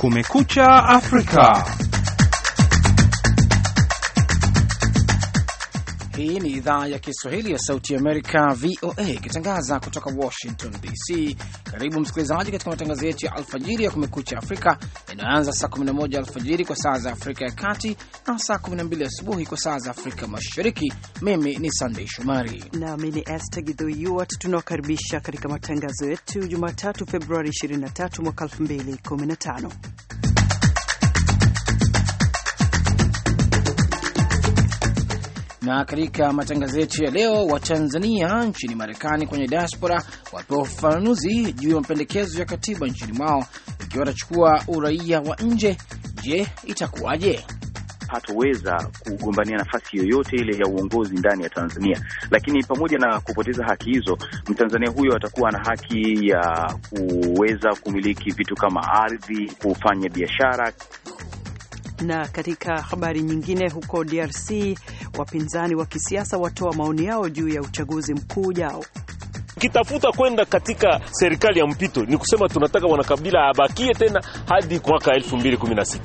Kumekucha Afrika. Hii ni idhaa ya Kiswahili ya Sauti Amerika, VOA, ikitangaza kutoka Washington DC. Karibu msikilizaji katika matangazo yetu ya alfajiri ya Kumekucha Afrika yanayoanza saa 11 alfajiri kwa saa za Afrika ya Kati na saa 12 asubuhi kwa saa za Afrika Mashariki. Mimi ni Sandei Shomari nami ni Esther Gidhyuwat. Tunawakaribisha katika matangazo yetu Jumatatu, Februari 23 mwaka 2015. Na katika matangazo yetu ya leo, Watanzania nchini Marekani kwenye diaspora wapewa ufafanuzi juu ya mapendekezo ya katiba nchini mwao ikiwa watachukua uraia wa nje. Je, itakuwaje? Hatoweza kugombania nafasi yoyote ile ya uongozi ndani ya Tanzania, lakini pamoja na kupoteza haki hizo, Mtanzania huyo atakuwa na haki ya kuweza kumiliki vitu kama ardhi, kufanya biashara. Na katika habari nyingine, huko DRC wapinzani wa kisiasa watoa maoni yao juu ya uchaguzi mkuu ujao. Ukitafuta kwenda katika serikali ya mpito, ni kusema tunataka Wanakabila abakie tena hadi mwaka 2016.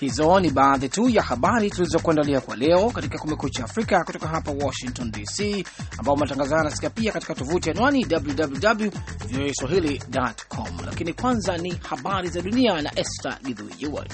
Hizo ni baadhi tu ya habari tulizokuandalia kwa leo katika Kumekucha Afrika kutoka hapa Washington DC, ambao matangazo haya yanasikia pia katika tovuti anwani com. Lakini kwanza ni habari za dunia na Esther Githui Ewart.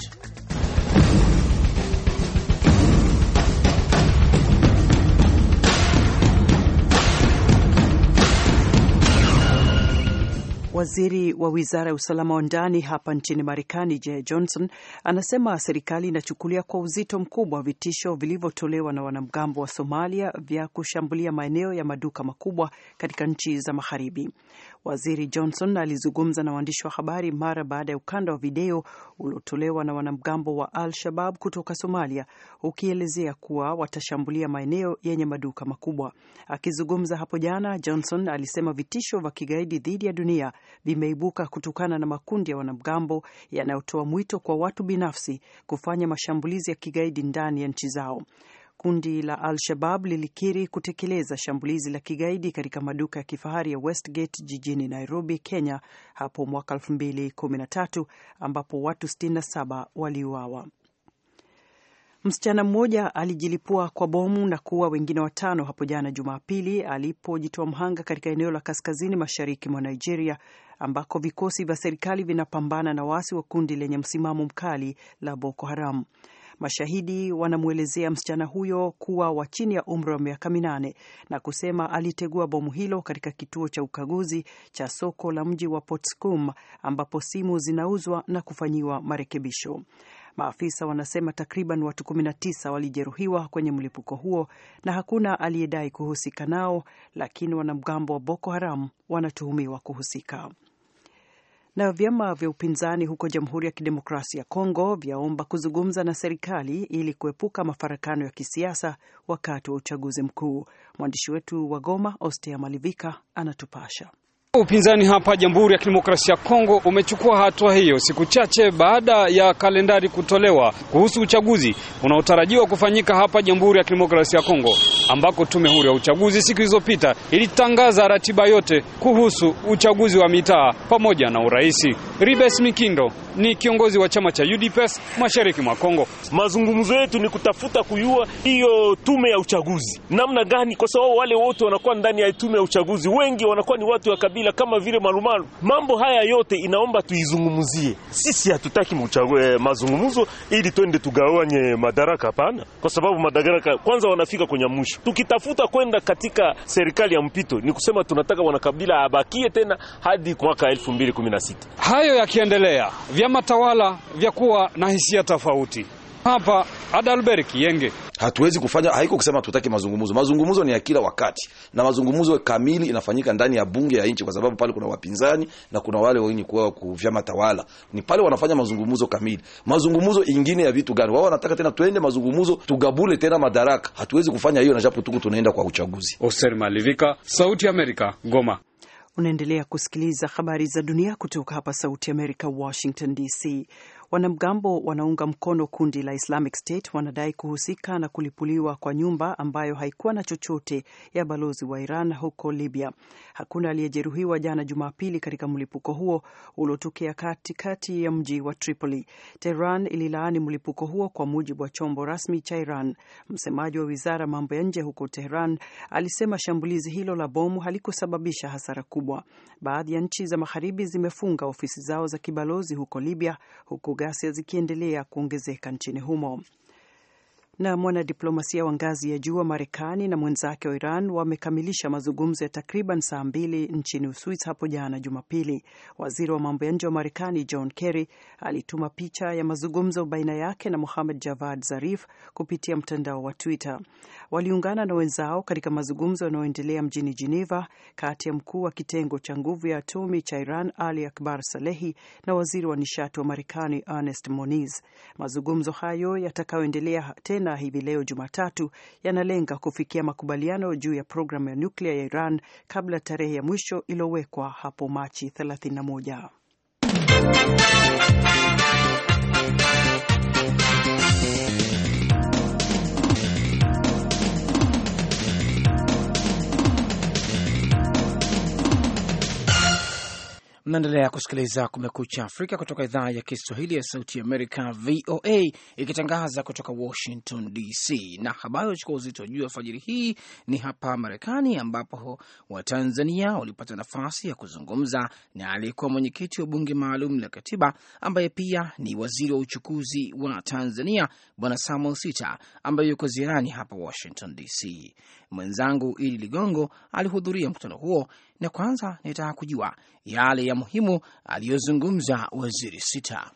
Waziri wa wizara ya usalama wa ndani hapa nchini Marekani, J Johnson, anasema serikali inachukulia kwa uzito mkubwa vitisho vilivyotolewa na wanamgambo wa Somalia vya kushambulia maeneo ya maduka makubwa katika nchi za Magharibi. Waziri Johnson alizungumza na waandishi wa habari mara baada ya ukanda wa video uliotolewa na wanamgambo wa Al-Shabab kutoka Somalia ukielezea kuwa watashambulia maeneo yenye maduka makubwa. Akizungumza hapo jana, Johnson alisema vitisho vya kigaidi dhidi ya dunia vimeibuka kutokana na makundi ya wanamgambo yanayotoa mwito kwa watu binafsi kufanya mashambulizi ya kigaidi ndani ya nchi zao. Kundi la Al-Shabab lilikiri kutekeleza shambulizi la kigaidi katika maduka ya kifahari ya Westgate jijini Nairobi, Kenya hapo mwaka 2013 ambapo watu 67 waliuawa. Msichana mmoja alijilipua kwa bomu na kuua wengine watano hapo jana Jumapili alipojitoa mhanga katika eneo la kaskazini mashariki mwa Nigeria ambako vikosi vya serikali vinapambana na waasi wa kundi lenye msimamo mkali la Boko Haram. Mashahidi wanamwelezea msichana huyo kuwa wa chini ya umri wa miaka minane na kusema alitegua bomu hilo katika kituo cha ukaguzi cha soko la mji wa Potsdam ambapo simu zinauzwa na kufanyiwa marekebisho. Maafisa wanasema takriban watu 19 walijeruhiwa kwenye mlipuko huo na hakuna aliyedai kuhusika nao, lakini wanamgambo wa Boko Haram wanatuhumiwa kuhusika na vyama vya upinzani huko Jamhuri ya Kidemokrasia ya Kongo vyaomba kuzungumza na serikali ili kuepuka mafarakano ya kisiasa wakati wa uchaguzi mkuu. Mwandishi wetu wa Goma, Ostea Malivika, anatupasha. Upinzani hapa Jamhuri ya Kidemokrasia ya Kongo umechukua hatua hiyo siku chache baada ya kalendari kutolewa kuhusu uchaguzi unaotarajiwa kufanyika hapa Jamhuri ya Kidemokrasia ya Kongo, ambako tume huru ya uchaguzi siku zilizopita ilitangaza ratiba yote kuhusu uchaguzi wa mitaa pamoja na uraisi. Ribes Mikindo, ni kiongozi wa chama cha UDPS mashariki mwa Kongo. Mazungumzo yetu ni kutafuta kuyua hiyo tume ya uchaguzi namna gani, kwa sababu wale wote wanakuwa ndani ya tume ya uchaguzi, wengi wanakuwa ni watu wa kabila kama vile Malumalu. Mambo haya yote inaomba tuizungumzie. Sisi hatutaki eh, mazungumzo ili twende tugawanye madaraka, hapana, kwa sababu madaraka kwanza wanafika kwenye mwisho. Tukitafuta kwenda katika serikali ya mpito, ni kusema tunataka wanakabila abakie tena hadi mwaka 2016 hayo yakiendelea vyama tawala vya kuwa na hisia tofauti. Hapa Adalbert Kienge, hatuwezi kufanya, haiko kusema hatutaki mazungumzo. Mazungumzo ni ya kila wakati, na mazungumzo kamili inafanyika ndani ya bunge ya nchi, kwa sababu pale kuna wapinzani na kuna wale wenye kuwa ku vyama tawala, ni pale wanafanya mazungumzo kamili. Mazungumzo ingine ya vitu gani? Wao wanataka tena tuende mazungumzo, tugabule tena madaraka. Hatuwezi kufanya hiyo, na japo tuku tunaenda kwa uchaguzi. Oser Malivika, Sauti ya Amerika, Goma. Unaendelea kusikiliza habari za dunia kutoka hapa Sauti Amerika, Washington DC. Wanamgambo wanaunga mkono kundi la Islamic State wanadai kuhusika na kulipuliwa kwa nyumba ambayo haikuwa na chochote ya balozi wa Iran huko Libya. Hakuna aliyejeruhiwa jana Jumapili katika mlipuko huo uliotokea katikati ya mji wa Tripoli. Tehran ililaani mlipuko huo kwa mujibu wa chombo rasmi cha Iran. Msemaji wa wizara mambo ya nje huko Tehran alisema shambulizi hilo la bomu halikusababisha hasara kubwa. Baadhi ya nchi za magharibi zimefunga ofisi zao za kibalozi huko Libya huku ghasia zikiendelea kuongezeka nchini humo na mwanadiplomasia wa ngazi ya juu wa Marekani na mwenzake wa Iran wamekamilisha mazungumzo ya takriban saa mbili nchini Uswis hapo jana Jumapili. Waziri wa mambo ya nje wa Marekani John Kerry alituma picha ya mazungumzo baina yake na Muhamed Javad Zarif kupitia mtandao wa Twitter. Waliungana na wenzao katika mazungumzo yanayoendelea mjini Geneva kati ya mkuu wa kitengo cha nguvu ya atomi cha Iran Ali Akbar Salehi na waziri wa nishati wa Marekani Ernest Moniz. Mazungumzo hayo yatakayoendelea tena tena hivi leo Jumatatu yanalenga kufikia makubaliano juu ya programu ya nyuklia ya Iran kabla tarehe ya mwisho iliyowekwa hapo Machi 31. Mnaendelea kusikiliza Kumekucha Afrika kutoka idhaa ya Kiswahili ya Sauti Amerika, VOA, ikitangaza kutoka Washington DC. Na habari wachukua uzito wa juu alfajiri hii ni hapa Marekani, ambapo Watanzania walipata nafasi ya kuzungumza na aliyekuwa mwenyekiti wa Bunge Maalum la Katiba, ambaye pia ni waziri wa uchukuzi wa Tanzania, Bwana Samuel Sita, ambaye yuko ziarani hapa Washington DC. Mwenzangu Idi Ligongo alihudhuria mkutano huo na kwanza nitaka kujua yale ya muhimu aliyozungumza waziri Sita.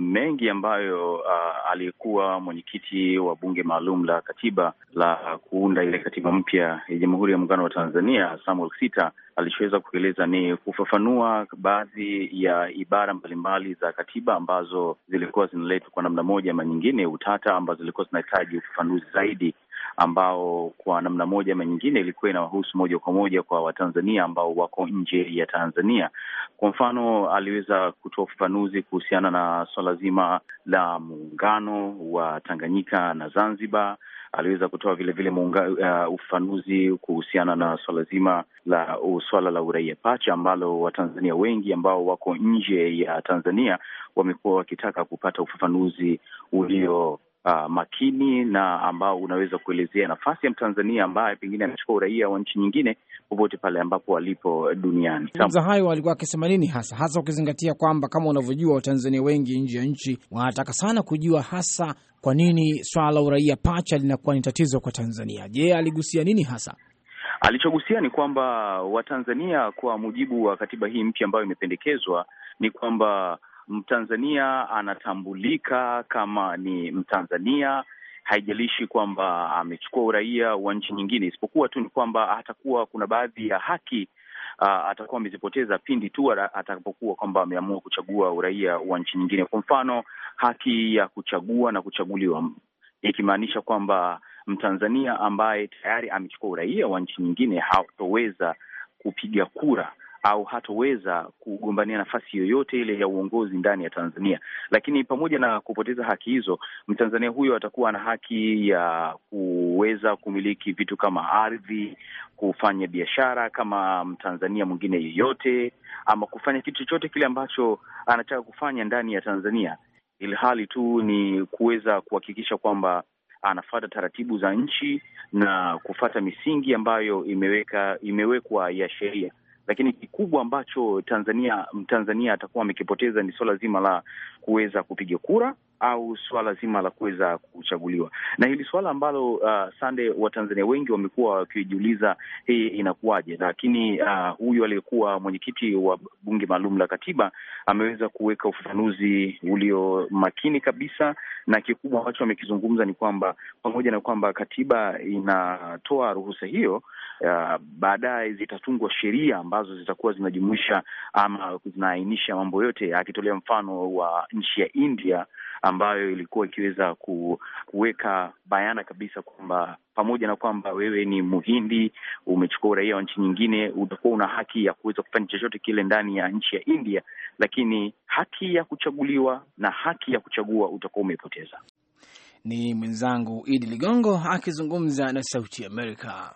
Mengi ambayo uh, aliyekuwa mwenyekiti wa bunge maalum la katiba la kuunda ile katiba mpya ya Jamhuri ya Muungano wa Tanzania Samuel Sita alichoweza kueleza ni kufafanua baadhi ya ibara mbalimbali za katiba ambazo zilikuwa zinaletwa kwa namna moja ama nyingine utata, ambazo zilikuwa zinahitaji ufafanuzi zaidi ambao kwa namna moja ama nyingine ilikuwa inawahusu moja kwa moja kwa Watanzania ambao wako nje ya Tanzania. Kwa mfano, aliweza kutoa ufafanuzi kuhusiana na swala zima la muungano wa Tanganyika na Zanzibar. Aliweza kutoa vilevile uh, ufafanuzi uh, kuhusiana na swala zima la swala la uraia pacha ambalo Watanzania wengi ambao wako nje ya Tanzania wamekuwa wakitaka kupata ufafanuzi ulio uh, makini na ambao unaweza kuelezea nafasi ya Mtanzania ambaye pengine anachukua uraia wa nchi nyingine popote pale ambapo alipo duniani. Za hayo alikuwa akisema nini hasa hasa, ukizingatia kwamba kama unavyojua Watanzania wengi nje ya nchi wanataka sana kujua hasa kwa nini swala la uraia pacha linakuwa ni tatizo kwa Tanzania. Je, aligusia nini hasa? Alichogusia ni kwamba Watanzania, kwa mujibu wa katiba hii mpya ambayo imependekezwa, ni kwamba Mtanzania anatambulika kama ni Mtanzania, haijalishi kwamba amechukua uraia wa nchi nyingine, isipokuwa tu ni kwamba atakuwa kuna baadhi ya haki uh, atakuwa amezipoteza pindi tu atakapokuwa kwamba ameamua kuchagua uraia wa nchi nyingine. Kwa mfano, haki ya kuchagua na kuchaguliwa, ikimaanisha kwamba Mtanzania ambaye tayari amechukua uraia wa nchi nyingine hatoweza kupiga kura au hatoweza kugombania nafasi yoyote ile ya uongozi ndani ya Tanzania. Lakini pamoja na kupoteza haki hizo, Mtanzania huyo atakuwa na haki ya kuweza kumiliki vitu kama ardhi, kufanya biashara kama Mtanzania mwingine yeyote, ama kufanya kitu chochote kile ambacho anataka kufanya ndani ya Tanzania, ili hali tu ni kuweza kuhakikisha kwamba anafata taratibu za nchi na kufata misingi ambayo imeweka imewekwa ya sheria lakini kikubwa ambacho Tanzania Mtanzania atakuwa amekipoteza ni swala zima la kuweza kupiga kura au swala zima la kuweza kuchaguliwa, na hili swala ambalo uh, sande Watanzania wengi wamekuwa wakijiuliza hii inakuwaje, lakini uh, huyu aliyekuwa mwenyekiti wa bunge maalum la katiba ameweza kuweka ufafanuzi ulio makini kabisa, na kikubwa ambacho amekizungumza ni kwamba pamoja na kwamba katiba inatoa ruhusa hiyo uh, baadaye zitatungwa sheria ambazo zitakuwa zinajumuisha ama zinaainisha mambo yote, akitolea mfano wa nchi ya India ambayo ilikuwa ikiweza kuweka bayana kabisa kwamba pamoja na kwamba wewe ni Muhindi, umechukua uraia wa nchi nyingine, utakuwa una haki ya kuweza kufanya chochote kile ndani ya nchi ya India, lakini haki ya kuchaguliwa na haki ya kuchagua utakuwa umepoteza. Ni mwenzangu Idi Ligongo akizungumza na Sauti Amerika.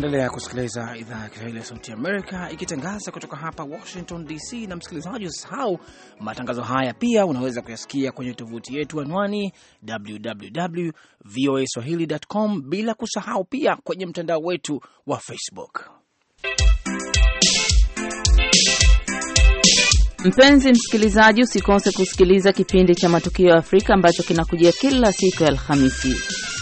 Unaendelea kusikiliza idhaa ya Kiswahili ya Sauti Amerika ikitangaza kutoka hapa Washington DC. Na msikilizaji, usisahau matangazo haya pia unaweza kuyasikia kwenye tovuti yetu anwani www voa swahili.com, bila kusahau pia kwenye mtandao wetu wa Facebook. Mpenzi msikilizaji, usikose kusikiliza kipindi cha Matukio ya Afrika ambacho kinakujia kila siku ya Alhamisi.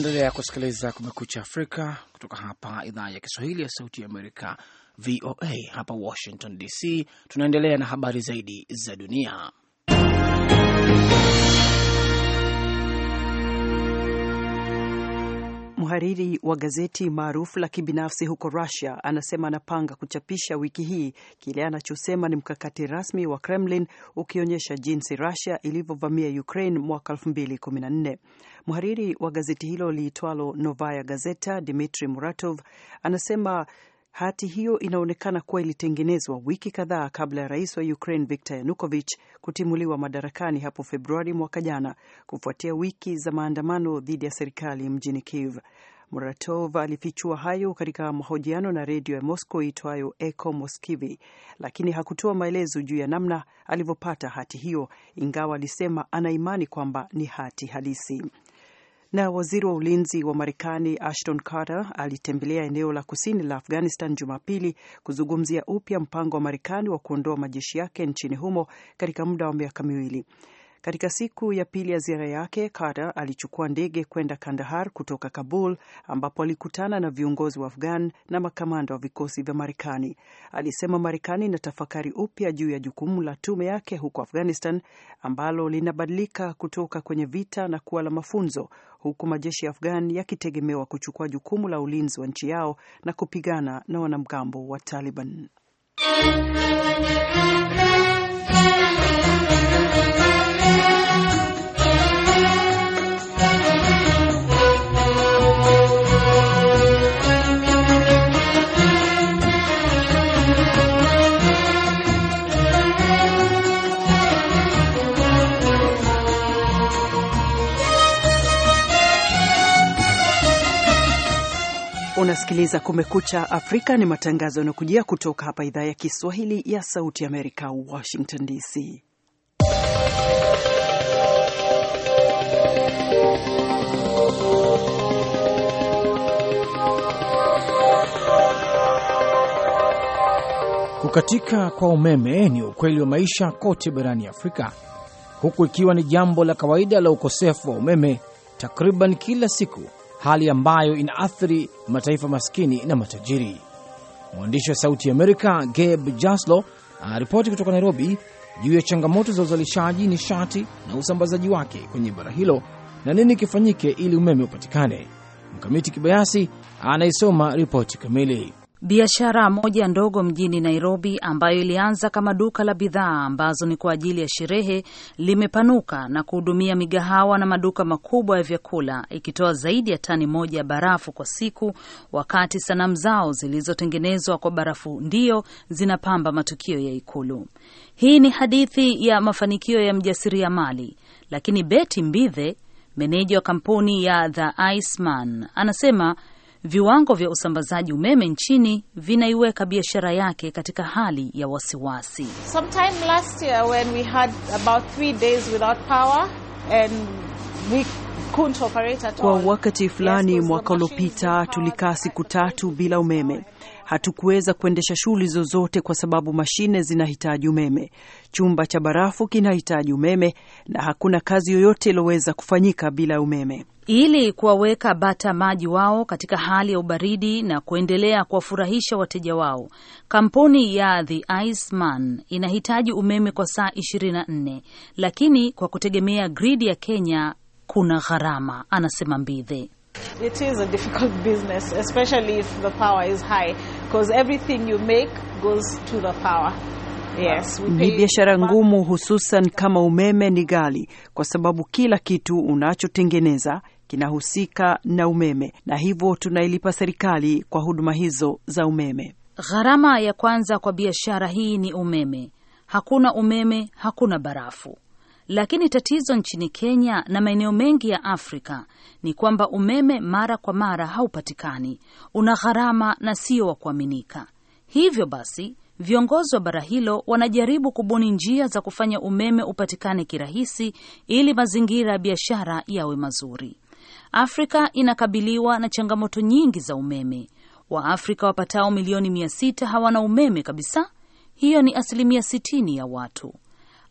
Unaendelea kusikiliza Kumekucha Afrika kutoka hapa idhaa ya Kiswahili ya Sauti ya Amerika, VOA hapa Washington DC. Tunaendelea na habari zaidi za dunia. mhariri wa gazeti maarufu la kibinafsi huko Russia, anasema anapanga kuchapisha wiki hii kile anachosema ni mkakati rasmi wa Kremlin ukionyesha jinsi Russia ilivyovamia Ukraine mwaka 2014. Mhariri wa gazeti hilo liitwalo Novaya Gazeta, Dmitri Muratov, anasema Hati hiyo inaonekana kuwa ilitengenezwa wiki kadhaa kabla ya rais wa Ukraine Viktor yanukovich kutimuliwa madarakani hapo Februari mwaka jana kufuatia wiki za maandamano dhidi ya serikali mjini Kiev. Muratov alifichua hayo katika mahojiano na redio ya Moscow itwayo eko Moskivi, lakini hakutoa maelezo juu ya namna alivyopata hati hiyo, ingawa alisema ana imani kwamba ni hati halisi. Na waziri wa ulinzi wa Marekani Ashton Carter alitembelea eneo la kusini la Afghanistan Jumapili kuzungumzia upya mpango wa Marekani wa kuondoa majeshi yake nchini humo katika muda wa miaka miwili. Katika siku ya pili ya ziara yake, Carter alichukua ndege kwenda Kandahar kutoka Kabul, ambapo alikutana na viongozi wa Afghan na makamanda wa vikosi vya Marekani. Alisema Marekani inatafakari upya juu ya jukumu la tume yake huko Afghanistan ambalo linabadilika kutoka kwenye vita na kuwa la mafunzo, huku majeshi ya Afghan yakitegemewa kuchukua jukumu la ulinzi wa nchi yao na kupigana na wanamgambo wa Taliban. Unasikiliza Kumekucha Afrika, ni matangazo yanakujia kutoka hapa idhaa ya Kiswahili ya Sauti Amerika, Washington DC. Kukatika kwa umeme ni ukweli wa maisha kote barani Afrika, huku ikiwa ni jambo la kawaida la ukosefu wa umeme takriban kila siku hali ambayo inaathiri mataifa maskini na matajiri. Mwandishi wa Sauti ya Amerika Gabe jaslo anaripoti kutoka Nairobi juu ya changamoto za uzalishaji nishati na usambazaji wake kwenye bara hilo na nini kifanyike ili umeme upatikane. Mkamiti Kibayasi anaisoma ripoti kamili. Biashara moja ndogo mjini Nairobi ambayo ilianza kama duka la bidhaa ambazo ni kwa ajili ya sherehe limepanuka na kuhudumia migahawa na maduka makubwa ya vyakula, ikitoa zaidi ya tani moja ya barafu kwa siku, wakati sanamu zao zilizotengenezwa kwa barafu ndio zinapamba matukio ya Ikulu. Hii ni hadithi ya mafanikio ya mjasiriamali, lakini Beti Mbithe, meneja wa kampuni ya The Iceman, anasema Viwango vya usambazaji umeme nchini vinaiweka biashara yake katika hali ya wasiwasi. Sometime last year when we had about three days without power and we kwa wakati fulani mwaka uliopita tulikaa siku tatu bila umeme. Hatukuweza kuendesha shughuli zozote kwa sababu mashine zinahitaji umeme, chumba cha barafu kinahitaji umeme, na hakuna kazi yoyote iliyoweza kufanyika bila umeme. Ili kuwaweka bata maji wao katika hali ya ubaridi na kuendelea kuwafurahisha wateja wao, kampuni ya The Iceman inahitaji umeme kwa saa 24 lakini kwa kutegemea gridi ya Kenya kuna gharama, anasema Mbidhe. It is a difficult business, especially if the power is high, because everything you make goes to the power. Yes, ni biashara ngumu hususan kama umeme ni ghali kwa sababu kila kitu unachotengeneza kinahusika na umeme na hivyo tunailipa serikali kwa huduma hizo za umeme. Gharama ya kwanza kwa biashara hii ni umeme. Hakuna umeme, hakuna barafu. Lakini tatizo nchini Kenya na maeneo mengi ya Afrika ni kwamba umeme mara kwa mara haupatikani, una gharama na sio wa kuaminika. Hivyo basi viongozi wa bara hilo wanajaribu kubuni njia za kufanya umeme upatikane kirahisi ili mazingira ya biashara yawe mazuri. Afrika inakabiliwa na changamoto nyingi za umeme. Waafrika wapatao milioni mia sita hawana umeme kabisa. Hiyo ni asilimia sitini ya watu.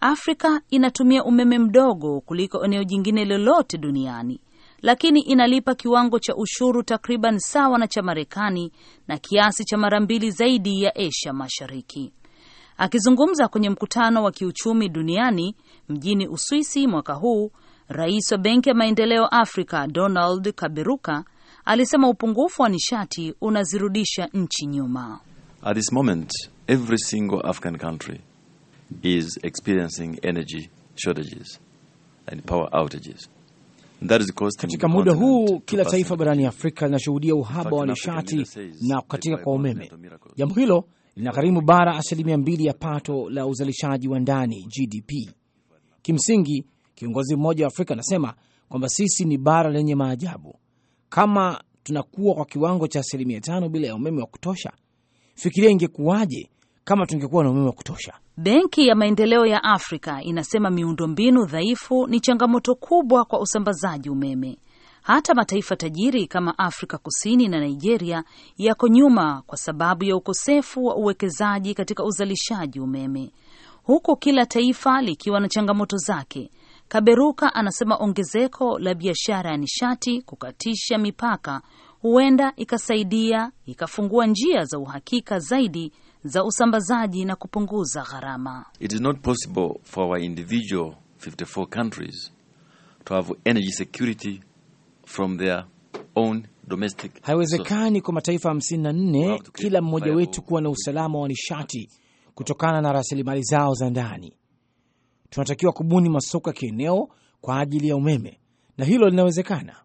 Afrika inatumia umeme mdogo kuliko eneo jingine lolote duniani, lakini inalipa kiwango cha ushuru takriban sawa na cha Marekani na kiasi cha mara mbili zaidi ya Asia Mashariki. Akizungumza kwenye mkutano wa kiuchumi duniani mjini Uswisi mwaka huu, rais wa Benki ya Maendeleo Afrika Donald Kaberuka alisema upungufu wa nishati unazirudisha nchi nyuma. At this moment, every single African country is experiencing energy shortages and power outages. Katika muda huu kila taifa barani Afrika linashuhudia uhaba wa nishati na kukatika kwa umeme. Jambo hilo linagharimu bara asilimia mbili ya pato la uzalishaji wa ndani GDP. Kimsingi, kiongozi mmoja wa Afrika anasema kwamba sisi ni bara lenye maajabu. Kama tunakuwa kwa kiwango cha asilimia tano bila ya umeme wa kutosha, fikiria ingekuwaje kama tungekuwa na umeme wa kutosha. Benki ya Maendeleo ya Afrika inasema miundombinu dhaifu ni changamoto kubwa kwa usambazaji umeme. Hata mataifa tajiri kama Afrika Kusini na Nigeria yako nyuma kwa sababu ya ukosefu wa uwekezaji katika uzalishaji umeme, huku kila taifa likiwa na changamoto zake. Kaberuka anasema ongezeko la biashara ya nishati kukatisha mipaka huenda ikasaidia ikafungua njia za uhakika zaidi za usambazaji na kupunguza gharama. It is not possible for our individual 54 countries to have energy security from their own domestic. Haiwezekani kwa mataifa 54 kila mmoja wetu kuwa na usalama wa nishati kutokana na rasilimali zao za ndani. Tunatakiwa kubuni masoko ya kieneo kwa ajili ya umeme na hilo linawezekana.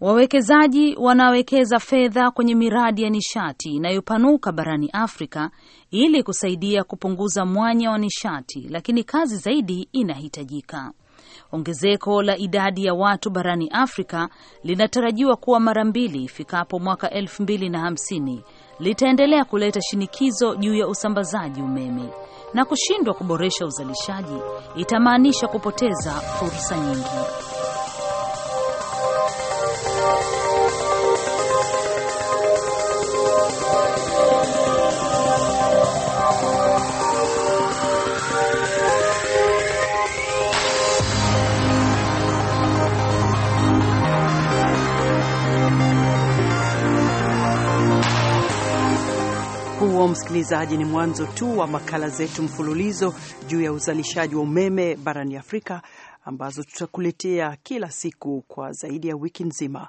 Wawekezaji wanawekeza fedha kwenye miradi ya nishati inayopanuka barani Afrika ili kusaidia kupunguza mwanya wa nishati, lakini kazi zaidi inahitajika. Ongezeko la idadi ya watu barani Afrika linatarajiwa kuwa mara mbili ifikapo mwaka 2050 litaendelea kuleta shinikizo juu ya usambazaji umeme, na kushindwa kuboresha uzalishaji itamaanisha kupoteza fursa nyingi. msikilizaji, ni mwanzo tu wa makala zetu mfululizo juu ya uzalishaji wa umeme barani Afrika ambazo tutakuletea kila siku kwa zaidi ya wiki nzima.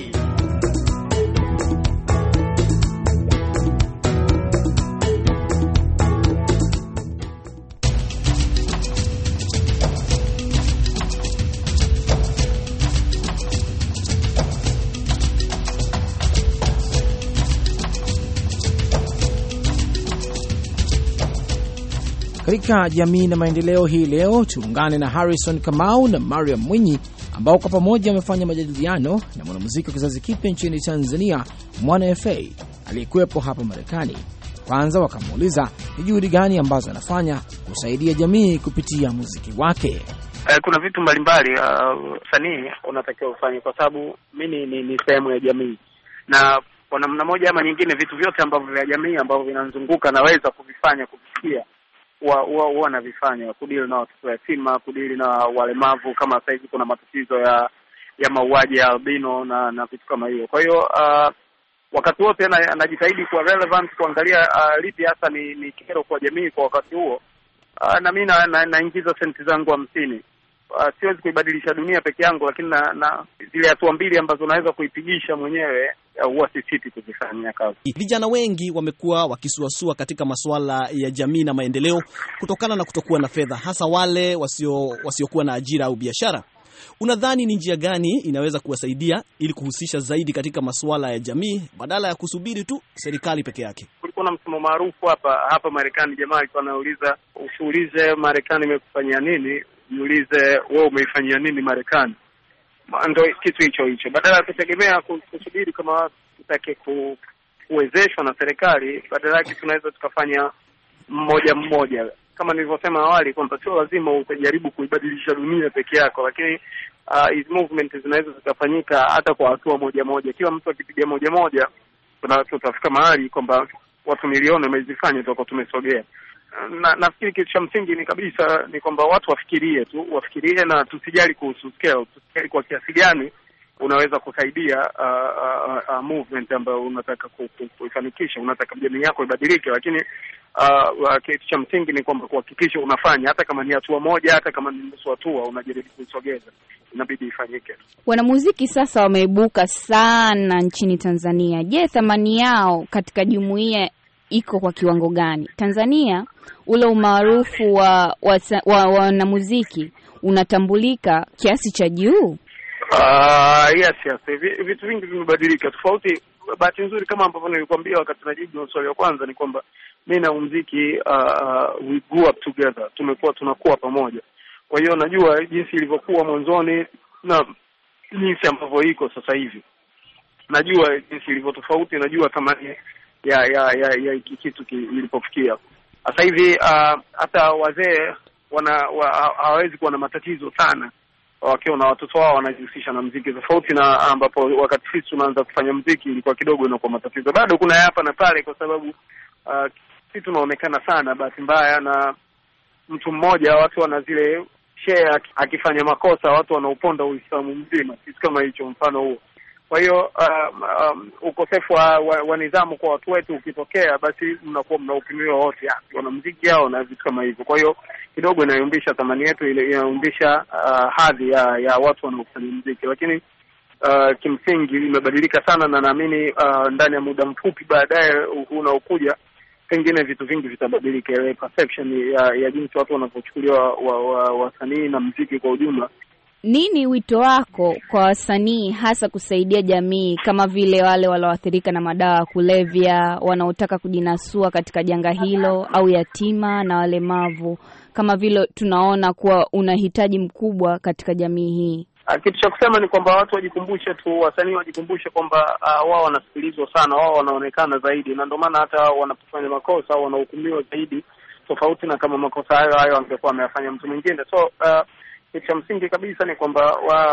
Afrika jamii na maendeleo hii leo tuungane na Harrison Kamau na Mariam Mwinyi ambao kwa pamoja wamefanya majadiliano na mwanamuziki wa kizazi kipya nchini Tanzania Mwana FA aliyekuwepo hapa Marekani. Kwanza wakamuuliza ni juhudi gani ambazo anafanya kusaidia jamii kupitia muziki wake. Eh, kuna vitu mbalimbali msanii uh, unatakiwa ufanye, kwa sababu mimi ni, ni sehemu ya jamii na kwa namna moja ama nyingine, vitu vyote ambavyo vya jamii ambavyo vinanzunguka naweza kuvifanya kupitia huwa wanavifanya kudili na watoto yatima, kudili na walemavu. Kama sasa hivi kuna matatizo ya ya mauaji ya albino na na vitu kama hiyo. Kwa hiyo uh, wakati wote anajitahidi kuwa relevant, kuangalia uh, lipi hasa ni, ni kero kwa jamii kwa wakati huo. Uh, na mi naingiza na, na senti zangu hamsini. Uh, siwezi kuibadilisha dunia peke yangu, lakini na, na zile hatua mbili ambazo unaweza kuipigisha mwenyewe huwa si kuzifanyia kazi. Vijana wengi wamekuwa wakisuasua katika masuala ya jamii na maendeleo kutokana na kutokuwa na fedha, hasa wale wasio wasiokuwa na ajira au biashara. Unadhani ni njia gani inaweza kuwasaidia ili kuhusisha zaidi katika masuala ya jamii badala ya kusubiri tu serikali peke yake? Kulikuwa na msemo maarufu hapa hapa Marekani, jamaa alikuwa anauliza, usiulize Marekani imekufanyia nini, niulize wewe umeifanyia nini Marekani ndo kitu hicho hicho, badala ya kutegemea kusubiri kama tutake kuwezeshwa na serikali, badala yake tunaweza tukafanya mmoja mmoja, kama nilivyosema awali kwamba sio lazima utajaribu kuibadilisha dunia peke yako, lakini uh, movement zinaweza zikafanyika hata kwa hatua moja moja. Kila mtu akipiga moja moja, tutafika mahali kwamba watu milioni wamezifanya, tutakuwa tumesogea na, nafikiri kitu cha msingi ni kabisa ni kwamba watu wafikirie tu, wafikirie na tusijali kuhusu scale, tusijali kwa kiasi gani unaweza kusaidia uh, uh, uh, movement ambayo unataka kuifanikisha. Unataka jamii yako ibadilike, lakini uh, uh, kitu cha msingi ni kwamba kuhakikisha unafanya, hata kama ni hatua moja, hata kama ni nusu hatua, unajaribu kuisogeza, inabidi ifanyike. Wanamuziki sasa wameibuka sana nchini Tanzania. Je, thamani yao katika jumuiya iko kwa kiwango gani? Tanzania ule umaarufu wa wanamuziki wa, wa, unatambulika kiasi cha juu? Uh, yes, yes. Vitu vingi vimebadilika tofauti. Bahati nzuri kama ambavyo nilikwambia wakati najibu swali ya kwanza ni kwamba mi na muziki uh, we grew up together, tumekuwa tunakuwa pamoja. Kwa hiyo najua jinsi ilivyokuwa mwanzoni na jinsi ambavyo iko sasa hivi, najua jinsi ilivyo tofauti, najua thamani ya ya ya ya kitu ilipofikia sasa hivi. Uh, hata wazee wana wa, hawawezi kuwa na matatizo sana wakiwa na watoto wao wanajihusisha na mziki, tofauti na ambapo wakati sisi tunaanza kufanya mziki ilikuwa kidogo inakuwa matatizo. Bado kuna hapa na pale, kwa sababu uh, si tunaonekana sana, bahati mbaya, na mtu mmoja, watu wana zile share, akifanya makosa watu wanauponda Uislamu mzima. Kitu kama hicho, mfano huo kwa hiyo uh, um, ukosefu wa, wa, wa nidhamu kwa watu wetu ukitokea, basi mnakuwa mnaupimiwa wote, wanamziki hao na vitu kama hivyo. Kwa hiyo kidogo inayumbisha thamani yetu, inayumbisha uh, hadhi ya, ya watu wanaofanya mziki, lakini uh, kimsingi imebadilika sana, na naamini uh, ndani ya muda mfupi baadaye unaokuja pengine vitu vingi vitabadilika, ile perception ya, ya jinsi watu wanavyochukulia wasanii wa, wa, wa na mziki kwa ujumla nini wito wako kwa wasanii hasa kusaidia jamii kama vile wale walioathirika na madawa ya kulevya, wanaotaka kujinasua katika janga hilo, au yatima na walemavu, kama vile tunaona kuwa unahitaji mkubwa katika jamii hii? Ah, kitu cha kusema ni kwamba watu wajikumbushe tu, wasanii wajikumbushe kwamba uh, wao wanasikilizwa sana, wao wanaonekana zaidi, na ndio maana hata wao wanapofanya makosa wanahukumiwa zaidi, tofauti na kama makosa hayo hayo angekuwa ameyafanya mtu mwingine. So uh, cha msingi kabisa ni kwamba wa,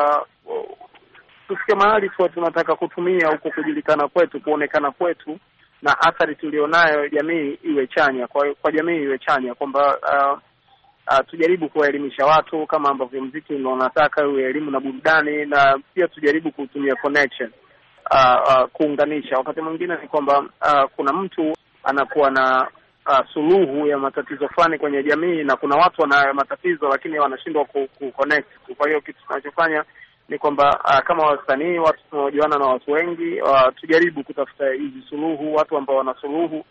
wa tufike mahali tuwa tunataka kutumia huko kujulikana kwetu, kuonekana kwetu na athari tulionayo jamii iwe chanya kwa, kwa jamii iwe chanya kwamba uh, Uh, tujaribu kuwaelimisha watu kama ambavyo mziki unataka iwe elimu na burudani, na pia tujaribu kutumia connection uh, uh, kuunganisha. Wakati mwingine ni kwamba uh, kuna mtu anakuwa na uh, suluhu ya matatizo fulani kwenye jamii, na kuna watu wana matatizo lakini wanashindwa ku, ku Kwa hiyo kitu tunachofanya ni kwamba uh, kama wasanii, watu tunaojuana na watu wengi uh, tujaribu kutafuta hizi suluhu, watu ambao wana suluhu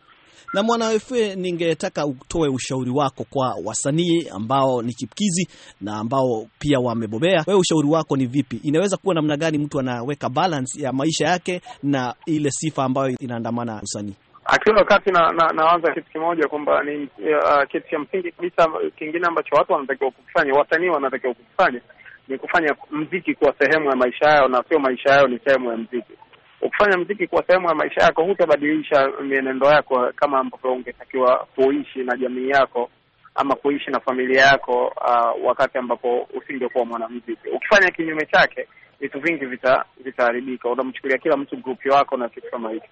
na Mwana FA, ningetaka utoe ushauri wako kwa wasanii ambao ni chipkizi na ambao pia wamebobea. Wewe ushauri wako ni vipi? Inaweza kuwa namna gani mtu anaweka balance ya maisha yake na ile sifa ambayo inaandamana usanii? Akiwa wakati na, na, kitu kimoja kwamba ni uh, kitu cha msingi kabisa kingine ambacho watu wanatakiwa kukifanya, wasanii wanatakiwa kukifanya ni kufanya mziki kuwa sehemu ya maisha yao na sio maisha yao ni sehemu ya mziki. Ukifanya mziki kuwa sehemu ya maisha yako, hutabadilisha mienendo yako kama ambavyo ungetakiwa kuishi na jamii yako ama kuishi na familia yako, uh, wakati ambapo usingekuwa mwanamziki. Ukifanya kinyume chake, vitu vingi vitaharibika. unamchukulia kila mtu grupi wako na kitu kama hicho.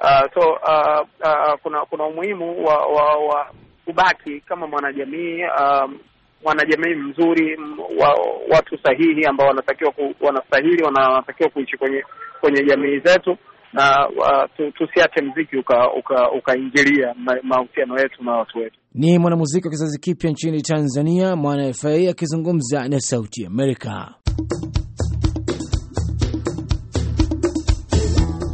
Uh, so uh, uh, kuna kuna umuhimu wa, wa, wa kubaki kama mwanajamii um, mwanajamii mzuri wa, watu sahihi ambao wanatakiwa ku, wanastahili wanatakiwa kuishi kwenye kwenye jamii zetu na uh, tusiache mziki ukaingilia uka, uka mahusiano yetu na watu wetu. Ni mwanamuziki wa kizazi kipya nchini Tanzania, Mwana FA akizungumza na Sauti Amerika.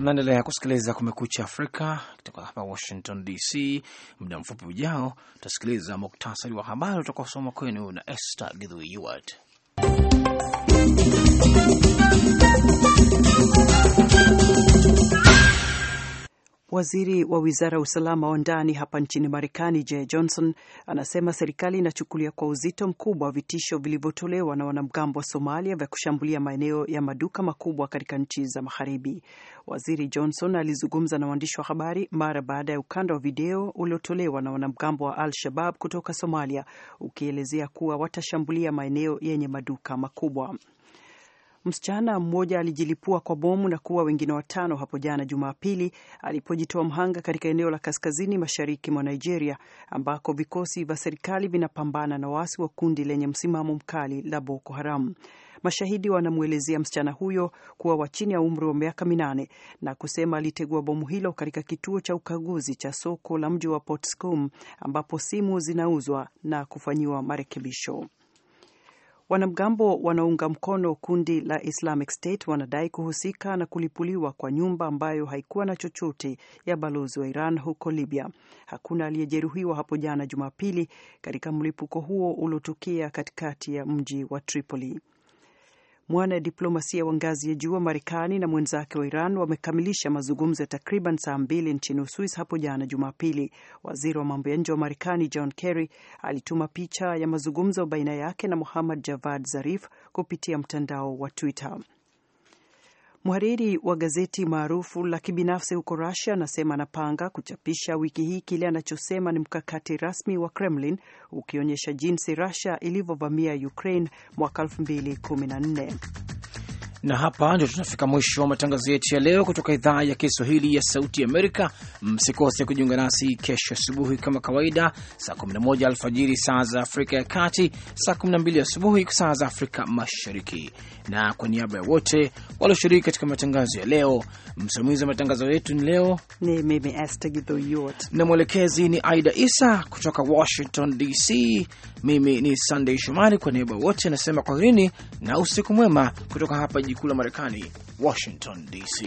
Mnaendelea kusikiliza Kumekucha Afrika kutoka hapa Washington DC. Muda mfupi ujao utasikiliza muktasari wa habari utakaosoma kwenu na Esther Githui Waziri wa wizara ya usalama wa ndani hapa nchini Marekani, Jay Johnson, anasema serikali inachukulia kwa uzito mkubwa wa vitisho vilivyotolewa na wanamgambo wa Somalia vya kushambulia maeneo ya maduka makubwa katika nchi za Magharibi. Waziri Johnson alizungumza na waandishi wa habari mara baada ya ukanda wa video uliotolewa na wanamgambo wa Al-Shabab kutoka Somalia ukielezea kuwa watashambulia maeneo yenye maduka makubwa. Msichana mmoja alijilipua kwa bomu na kuwa wengine watano hapo jana Jumapili alipojitoa mhanga katika eneo la kaskazini mashariki mwa Nigeria ambako vikosi vya serikali vinapambana na waasi wa kundi lenye msimamo mkali la Boko Haram. Mashahidi wanamwelezea msichana huyo kuwa wa chini ya umri wa miaka minane na kusema alitegua bomu hilo katika kituo cha ukaguzi cha soko la mji wa Potchefstroom ambapo simu zinauzwa na kufanyiwa marekebisho. Wanamgambo wanaunga mkono kundi la Islamic State wanadai kuhusika na kulipuliwa kwa nyumba ambayo haikuwa na chochote ya balozi wa Iran huko Libya. Hakuna aliyejeruhiwa hapo jana Jumapili katika mlipuko huo uliotukia katikati ya mji wa Tripoli mwanadiplomasia wa ngazi ya juu wa Marekani na mwenzake wa Iran wamekamilisha mazungumzo ya takriban saa mbili nchini Uswis hapo jana Jumapili. Waziri wa mambo ya nje wa Marekani John Kerry alituma picha ya mazungumzo baina yake na Muhammad Javad Zarif kupitia mtandao wa Twitter. Mhariri wa gazeti maarufu la kibinafsi huko rusia anasema anapanga kuchapisha wiki hii kile anachosema ni mkakati rasmi wa Kremlin ukionyesha jinsi Russia ilivyovamia Ukraine mwaka 2014. Na hapa ndio tunafika mwisho wa matangazo yetu ya leo kutoka idhaa ya Kiswahili ya Sauti Amerika. Msikose kujiunga nasi kesho asubuhi kama kawaida, saa 11 alfajiri saa za Afrika ya Kati, saa 12 asubuhi saa za Afrika Mashariki. Na kwa niaba ya wote walioshiriki katika matangazo ya leo, msimamizi wa matangazo yetu ni leo ni mimi na mwelekezi ni Aida Isa kutoka Washington DC. Mimi ni Sandey Shomari, kwa niaba ya wote anasema kwaherini na usiku mwema kutoka hapa jiji kuu la Marekani, Washington DC.